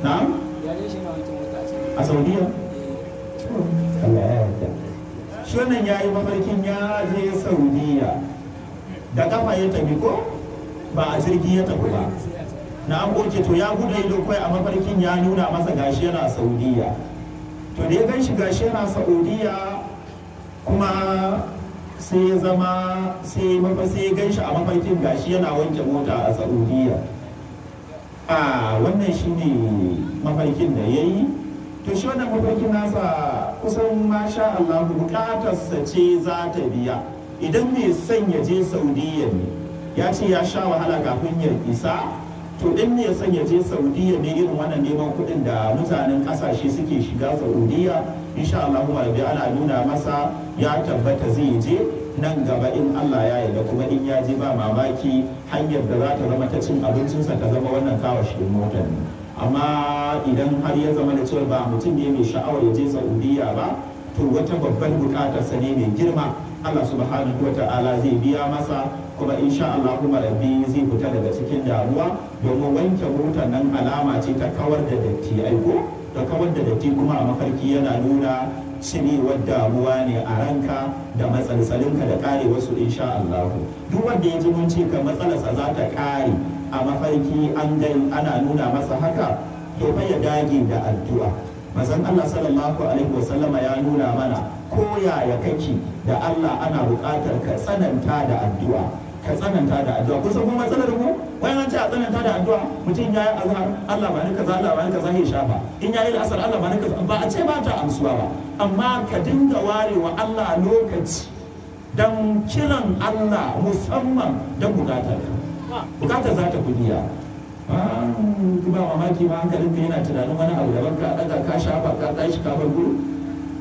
na'am a saudiya Allah ya yi mafarkin ya je saudiya da kafa ya tafi ko ba a jirgi ya tafi ba na an goke to ya gudu ido kawai a mafarkin ya nuna masa gashi yana saudiya to da ya gan shi gashi yana saudiya kuma sai ya zama sai ya gan shi a mafarkin gashi yana wanke mota a saudiya a wannan ne mafarkin da ya yi to shi wannan mafarkin nasa kusan masha Allah bukatarsa ce za ta biya idan mai son ya je saudiya ne ya ce ya sha wahala kafin ya isa to in ya son ya je saudiya ne irin wannan neman kuɗin da mutanen ƙasashe suke shiga saudiya insha Allah da ana nuna masa ya tabbata zai je nan gaba in Allah ya yarda kuma in ya je ba mamaki hanyar da za ta zama ta cin abincinsa ta zama wannan mota ne amma idan har ya zama da cewa ba mutum ne mai sha'awar ya je saudiya ba to wata babbar bukatar sa ne mai girma Allah subhanahu wa ta'ala zai biya masa kuma insha Allah kuma rabbi zai fita daga cikin damuwa domin wanke motar nan alama ce ta kawar da datti aiko da kawar da datti kuma a mafarki yana nuna cinewar damuwa ne a ranka da matsalsalinka da kare wasu insha Allah duk wanda ya ji mun ce ka matsalarsa za ta kare a mafarki an ana nuna masa haka to fa ya dage da addu'a mazan Allah sallallahu alaihi wasallama ya nuna mana ko yaya kake da Allah ana buƙatar ka tsananta da addu'a ka tsananta da addu'a kun san kuma matsalar ku wai an ce a tsananta da addu'a mutum ya yi azhar Allah ba ni kaza Allah ba ni kaza ya shafa in ya yi asar Allah ba ni kaza ba a ce ba ta amsuwa ba amma ka dinga warewa Allah lokaci dan kiran Allah musamman dan bukatar bukatar za ta kudiya ku ba mamaki ma hankalin ka yana tunanin wani abu da ka ɗaga ka shafa ka tashi ka bar gudu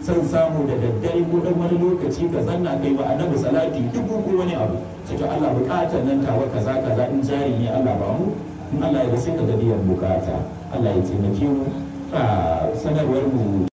san samu da daddare ko dan wani lokaci ka zanna kai wa annabi salati dubu ko wani abu sai Allah bukatar nan tawa kaza kaza in jari ne Allah ba mu in Allah ya sai ka ga bukata Allah ya taimake mu ah, sanarwar mu